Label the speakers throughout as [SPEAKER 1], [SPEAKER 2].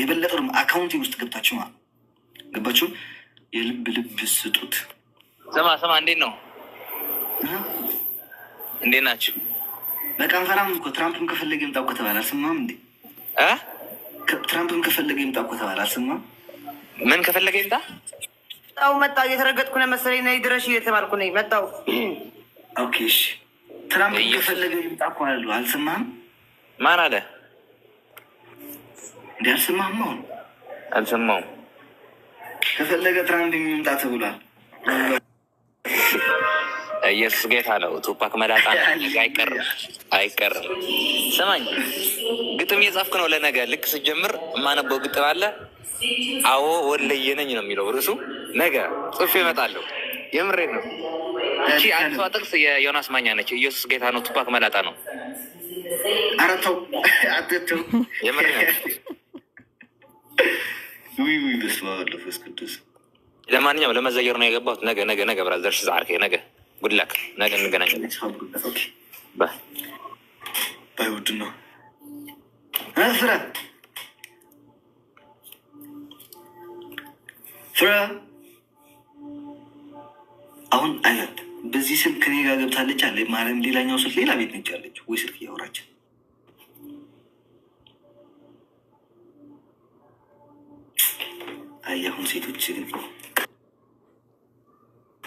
[SPEAKER 1] የበለጠ አካውንቲ ውስጥ ገብታችሁ ማለት ገባችሁ። የልብ ልብ ስጡት።
[SPEAKER 2] ስማ ስማ፣ እንዴት ነው እንዴት ናችሁ?
[SPEAKER 1] በቃ እንፈራም እኮ ትራምፕም ከፈለገ ይምጣ እኮ ተባለ። አልሰማም እንዴ? ትራምፕም ከፈለገ ይምጣ እኮ ተባለ። አልሰማም
[SPEAKER 2] ምን ከፈለገ ይምጣ።
[SPEAKER 3] ጣው መጣ። እየተረገጥኩ ነው መሰለኝ። ነይ ድረሽ እየተባልኩ ነኝ። መጣው።
[SPEAKER 1] ኦኬ እሺ። ትራምፕም ከፈለገ ይምጣ እኮ አሉ። አልሰማም ማን አለ? እንዲ አልሰማህም? አሁን አልሰማሁም። ከፈለገ ትራምፕ የሚመጣ ተብሏል።
[SPEAKER 2] ኢየሱስ ጌታ ነው። ቱፓክ መላጣ አይቀርም አይቀርም። ስማኝ፣ ግጥም እየጻፍክ ነው ለነገ። ልክ ስጀምር የማነበው ግጥም አለ። አዎ ወለየነኝ ነው የሚለው ርዕሱ። ነገ ጽፌ እመጣለሁ። የምሬት ነው። እቺ አዲሷ ጥቅስ የዮናስ ማኛ ነች። ኢየሱስ ጌታ ነው፣ ቱፓክ መላጣ ነው።
[SPEAKER 1] አረተው አደተው
[SPEAKER 2] የምሬት ነው። ለማንኛውም ለመዘየር ነው የገባሁት። ነገ ነገ ነገ ብራዘርሽ ዛዓርከ ነገ ጉድላክ ነገ እንገናኛለን።
[SPEAKER 1] ውድ ነው አሁን አይነት በዚህ ስልክ እኔ ጋር ገብታለች አለ ማለም። ሌላኛው ስልክ ሌላ ቤት ነች ያለች ወይ ስልክ እያወራችን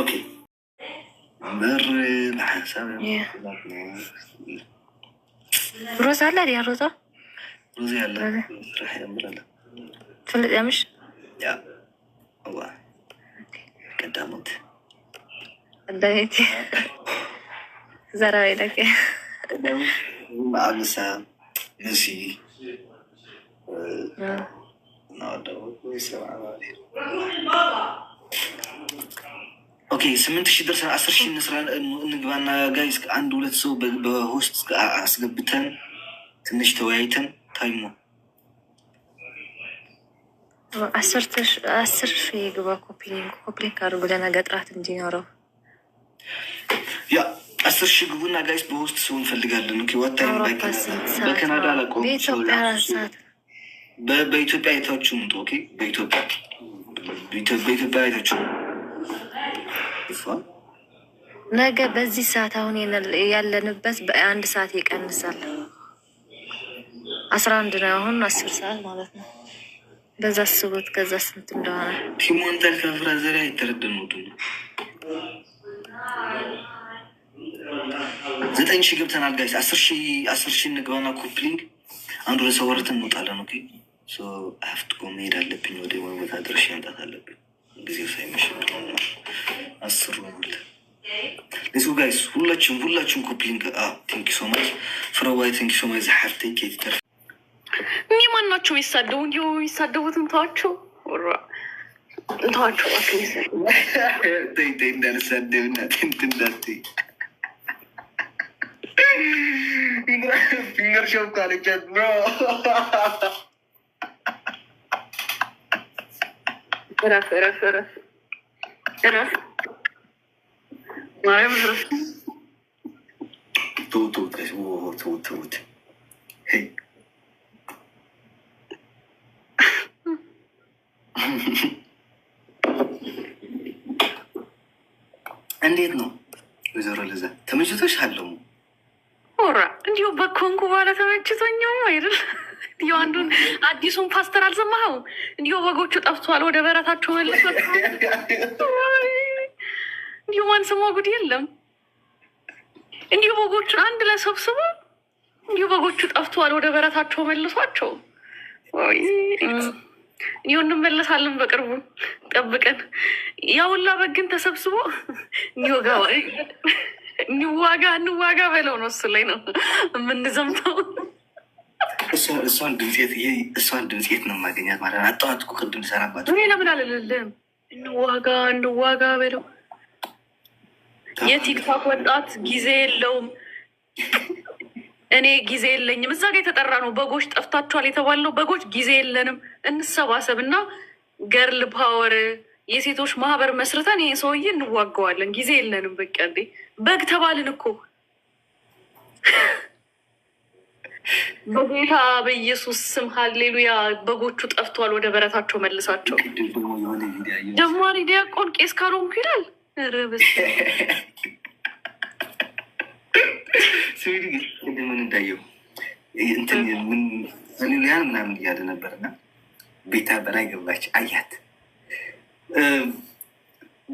[SPEAKER 1] Okay. Ver la
[SPEAKER 3] ሩዝ አለ ያ ሩዝ
[SPEAKER 1] ሩዝ ያለ ስራህ ያምራል። ትፈልጥ ያምሽ ያ አዋ ቀዳሞት
[SPEAKER 3] ቀዳሜት ዘራዊ ለከ
[SPEAKER 1] አብሳ ንሲ ናወደው ሰባ ኦኬ ስምንት ሺ ደርሰን አስር ሺ እንስራ እንግባና እስከ አንድ ሁለት ሰው በሆስት አስገብተን ትንሽ ተወያይተን ታይሞ
[SPEAKER 3] አስር ሺ ግባ ኮፒሊንግ ኮፒሊንግ አድርጉ ለነገ ጥራት እንዲኖረው
[SPEAKER 1] ያ አስር ሺ ግቡና ጋይስ በሆስት ሰው እንፈልጋለን። በካናዳ በኢትዮጵያ አይታችሁ ምጡ። በኢትዮጵያ አይታችሁ
[SPEAKER 3] ነገ በዚህ ሰዓት አሁን ያለንበት በአንድ ሰዓት ይቀንሳል። አስራ አንድ ነው አሁን አስር ሰዓት ማለት ነው። በዛ ስቦት ከዛ ስንት እንደሆነ
[SPEAKER 1] ከፍራ ከፍራዘሪ አይተረድኑት ዘጠኝ ሺህ ገብተናል ጋይስ፣ አስር ሺህ አስር ሺህ እንግባና ኮፕሊንግ አንዱ ወደ ወርተን እንወጣለን። ኦኬ ሶ አፍትኮ መሄድ አለብኝ። ወደ ቦታ ድረሽ መምጣት አለብኝ ጊዜው ሳይመሽ አስር ነው። ሌትስ ጋይስ ሁላችሁም ሁላችሁም ኮፕሊንግ ቴንክ ሶ ፍረዋይ ቴንክ ሶ ማች ዘሐፍተኝ ኬት
[SPEAKER 3] እኔ ማን ናቸው እንዲ የሚሳደቡት እንተዋቸው እንተዋቸው
[SPEAKER 1] እንዳልሳደብ እና ቴንት እንዳትይ ፊንገር ሾፕ ካለቻት ብሮ
[SPEAKER 3] ረፍ ረፍ ረፍ ረፍ
[SPEAKER 1] እንዴት ነው ወይዘሮ ለዛ ተመችቶሽ? አለው
[SPEAKER 3] ራ እንዲሁ በኮንኩ በኋላ ተመችቶኛው አይደል? እንዲሁ አንዱን አዲሱን ፓስተር አልሰማኸውም? እንዲሁ በጎቹ ጠፍተዋል፣ ወደ በረታቸው መልሷል። እንዲሁ ማን ስሟ ጉድ የለም። እንዲሁ በጎቹን አንድ ላይ ሰብስቦ እንዲሁ በጎቹ ጠፍተዋል፣ ወደ በረታቸው መልሷቸው። ይኸው እንመለሳለን በቅርቡ ጠብቀን። ያውላ በግን ተሰብስቦ እንዋጋ እንዋጋ በለው ነው። እሱ ላይ ነው የምንዘምተው።
[SPEAKER 1] እሷን ድምፄት ነው የማገኛት ማለት አጣዋት። ቅድም ሰራባት
[SPEAKER 3] እኔ ለምን አልልልም? እንዋጋ እንዋጋ በለው የቲክቶክ ወጣት ጊዜ የለውም። እኔ ጊዜ የለኝም። እዛ ጋ የተጠራ ነው። በጎች ጠፍታችኋል የተባለው በጎች ጊዜ የለንም፣ እንሰባሰብ እና ገርል ፓወር የሴቶች ማህበር መስርተን ይህ ሰውዬ እንዋገዋለን። ጊዜ የለንም። በቃ እንዴ በግ ተባልን እኮ በጌታ በኢየሱስ ስም ሀሌሉያ። በጎቹ ጠፍተዋል፣ ወደ በረታቸው መልሳቸው። ደማሪ ዲያቆን ቄስ ካልሆንኩ ይላል። ምን
[SPEAKER 1] እንዳየው ያን ምናምን እያለ ነበርና ቤታ በላይ ገባች። አያት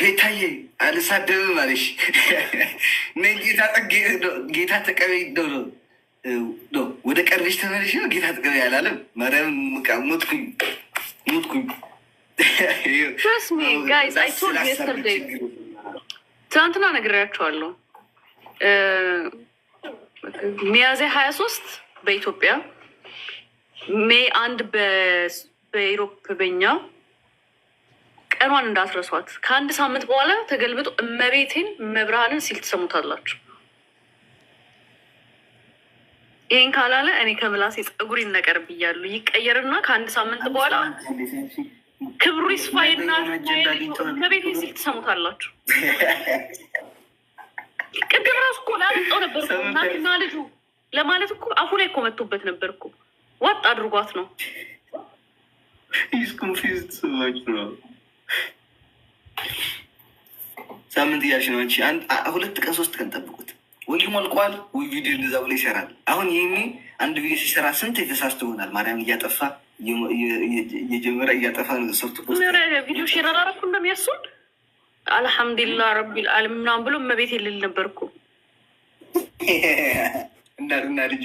[SPEAKER 1] ቤታዬ አልሳደብም አለሽ። ጌታ ጌታ ተቀበ ወደ ቀርቤች ተመለሽ ነው ጌታ ተቀበ ያላለም ማርያም ሞትኩኝ ሞትኩኝ
[SPEAKER 3] ትናንትና ነግሬያቸዋለሁ። ሚያዝያ ሀያ ሶስት በኢትዮጵያ ሜይ አንድ በኢሮፕ በኛ ቀኗን እንዳትረሷት። ከአንድ ሳምንት በኋላ ተገልብጦ እመቤቴን መብርሃንን ሲል ትሰሙታላችሁ። ይህን ካላለ እኔ ከምላሴ ፀጉር ይነቀር ብያሉ ይቀየርና ከአንድ ሳምንት በኋላ ክብሩ ይስፋ ከቤት ሲል ትሰሙታላችሁ። ቅድም ራሱ እኮ ላጠው ነበር እናትና ልጁ ለማለት እኮ አፉ ላይ እኮ መቶበት ነበር እኮ ዋጥ አድርጓት ነው።
[SPEAKER 1] ሳምንት እያልሽ ነው። ሁለት ቀን ሶስት ቀን ጠብቁት። ወይ ሞልቋል ወይ ቪዲዮ እንደዛ ብሎ ይሰራል። አሁን ይህ አንድ ቪዲዮ ሲሰራ ስንት የተሳስቶ ይሆናል። ማርያም እያጠፋ እየጀመረ እያጠፋ ነው። ሰርቶ
[SPEAKER 3] ቪዲዮ ሼር አላረኩ እንደሚያሱን አልሐምዱሊላ ረቢል ዓለሚን ምናምን ብሎ እመቤት የልል ነበርኩ
[SPEAKER 1] እናና ልጅ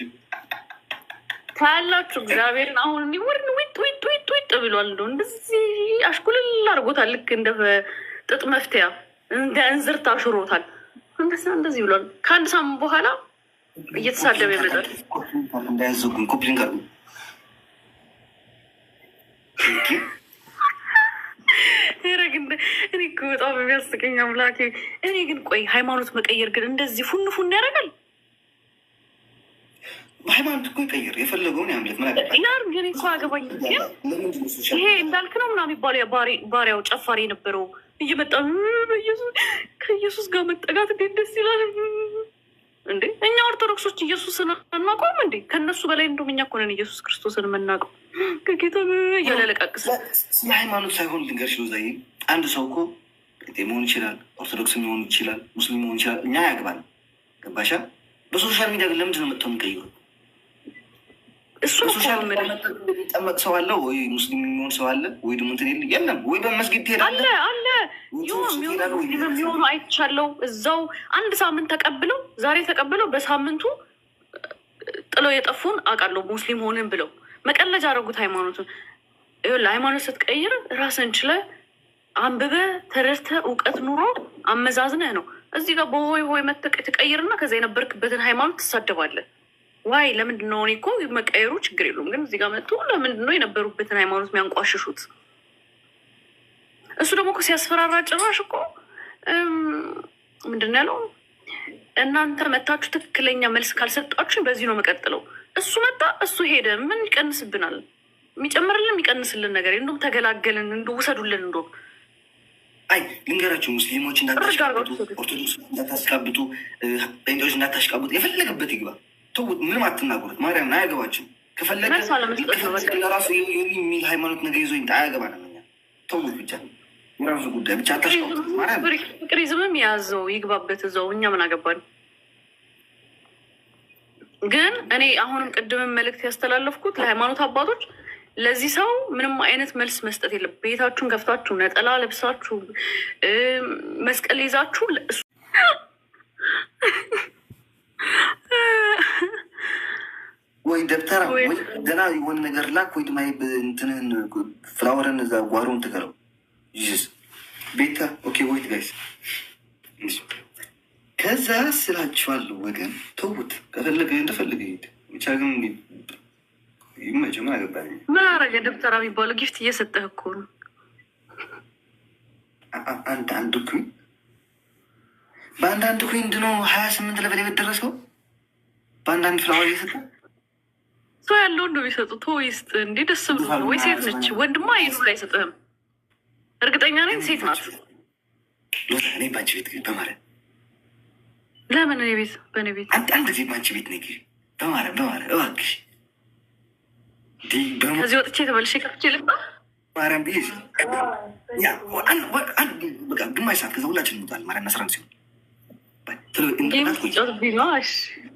[SPEAKER 3] ታያላችሁ። እግዚአብሔርን አሁን ኒወርን ዊት ዊት ዊት ዊት ብሏል። እንደ እንደዚህ አሽኩልል አድርጎታል። ልክ እንደ ጥጥ መፍትያ እንደ እንዝርት አሽሮታል። እንደዚህ ብሏል። ከአንድ ሳምንት በኋላ እየተሳደበ ይመጣል።
[SPEAKER 1] እንዳያዘጉኝ ኮፕሊንግ
[SPEAKER 3] ኧረ እኔ በጣም የሚያስቀኝ አምላኬ። እኔ ግን ቆይ ሃይማኖት መቀየር ግን እንደዚህ ፉን ፉን ያደርጋል?
[SPEAKER 1] ሃይማኖት እኮ ይቀይር የፈለገውን ያምልክ። ምናምን
[SPEAKER 3] ግን እኮ አገባኝ። ይሄ እንዳልክ ነው ምናምን የሚባለው ባሪያው ጨፋሪ የነበረው እየመጣ ከኢየሱስ ጋር መጠጋት እንዴት ደስ ይላል እንዴ እኛ ኦርቶዶክሶች ኢየሱስን አናውቀውም እንዴ? ከእነሱ በላይ እንደውም እኛ እኮ ነን ኢየሱስ ክርስቶስን የምናውቀው። ከጌታ እያለለቃቅስ
[SPEAKER 1] ስለ ሃይማኖት ሳይሆን ልንገርሽ ነው። ዛይ አንድ ሰው እኮ ጴንጤ መሆን ይችላል፣ ኦርቶዶክስ መሆን ይችላል፣ ሙስሊም መሆን ይችላል። እኛ ያግባል። ገባሻ? በሶሻል ሚዲያ ግን ለምንድን ነው መጥተው የሚቀይሩት? እሱ ጠመቅ ሰው አለ ወይ ሙስሊም የሚሆን ሰው አለ ወይ? ደግሞ እንትን የለም ወይ? በመስጊድ
[SPEAKER 3] ትሄዳለህ አለ የሚሆኑ አይቻለው። እዛው አንድ ሳምንት ተቀብለው ዛሬ ተቀብለው በሳምንቱ ጥለው የጠፉን አውቃለሁ። ሙስሊም ሆንን ብለው መቀለጃ አደረጉት ሃይማኖቱን። ሃይማኖት ስትቀይር ራስን ችለ አንብበ ተረድተ እውቀት ኑሮ አመዛዝነህ ነው። እዚህ ጋር በሆይ ሆይ መተቀ ትቀይርና ከዛ የነበርክበትን ሃይማኖት ትሳደባለህ። ዋይ ለምንድን ነው እኔ እኮ መቀየሩ ችግር የለውም ግን እዚህ ጋር መጥቶ ለምንድን ነው የነበሩበትን ሃይማኖት የሚያንቋሽሹት? እሱ ደግሞ እኮ ሲያስፈራራ ጭራሽ እኮ ምንድን ነው ያለው? እናንተ መታችሁ ትክክለኛ መልስ ካልሰጣችሁ በዚህ ነው መቀጥለው። እሱ መጣ፣ እሱ ሄደ። ምን ይቀንስብናል? የሚጨምርልን የሚቀንስልን ነገር እንደውም ተገላገልን። እንደው ውሰዱልን። እንደውም
[SPEAKER 1] አይ ልንገራቸው ሙስሊሞች እንዳታሽቃብጡ፣ ኦርቶዶክስ እንዳታስቃብጡ፣ ኢንዶች እንዳታሽቃብጡ፣ የፈለገበት ይግባ ተውት፣ ምንም አትናገሩት። ማርያምን አያገባችም። ከፈለገ ለራሱ የሚል ሃይማኖት ነገር ይዞ አያገባ ነው። ተውት ብቻ የራሱ ጉዳይ ብቻ
[SPEAKER 3] ቱሪዝምም የያዘው ይግባበት እዛው፣ እኛ ምን አገባን? ግን እኔ አሁንም ቅድምም መልእክት ያስተላለፍኩት ለሃይማኖት አባቶች ለዚህ ሰው ምንም አይነት መልስ መስጠት የለም። ቤታችሁን ከፍታችሁ ነጠላ ለብሳችሁ መስቀል ይዛችሁ እሱ
[SPEAKER 1] ወይ ደብተራ ወይ ገና የሆነ ነገር ላክ ወይ ድማ እንትንን ፍላወርን እዛ ጓሮን ትገረው ይስ ቤታ ኦኬ ወይት ጋይስ ከዛ ስላችኋለሁ ወገን ተውት። ከፈለገ እንደፈለገ ሄድ ብቻ ግን ይመቸ ምን አገባኝ።
[SPEAKER 3] ምን አረገ ደብተራ የሚባለው ጊፍት እየሰጠህ እኮ ነው።
[SPEAKER 1] አንድ አንድ ኩኝ በአንዳንድ ኩኝ ድኖ ሀያ ስምንት ለበላይ ደረሰው በአንዳንድ ፍላወር እየሰጠ
[SPEAKER 3] ቶ ያለው እንደ የሚሰጡ ቶ ይስጥ እንዴ ደስ ብሎ ወይ? ሴት ነች ወንድማ ይኑ ላይ ሰጥህም እርግጠኛ ነኝ ሴት ናት። ለምን እኔ ቤት በእኔ ቤት
[SPEAKER 1] አንድ ጊዜ ቤት እባክሽ
[SPEAKER 3] ከዚህ ወጥቼ ተመልሼ ከፍቼ ልባ
[SPEAKER 1] ማርያም ግማሽ ሰዓት ከዛ ሁላችን እንውጣለን። ማርያም መስራት
[SPEAKER 3] ሲሆን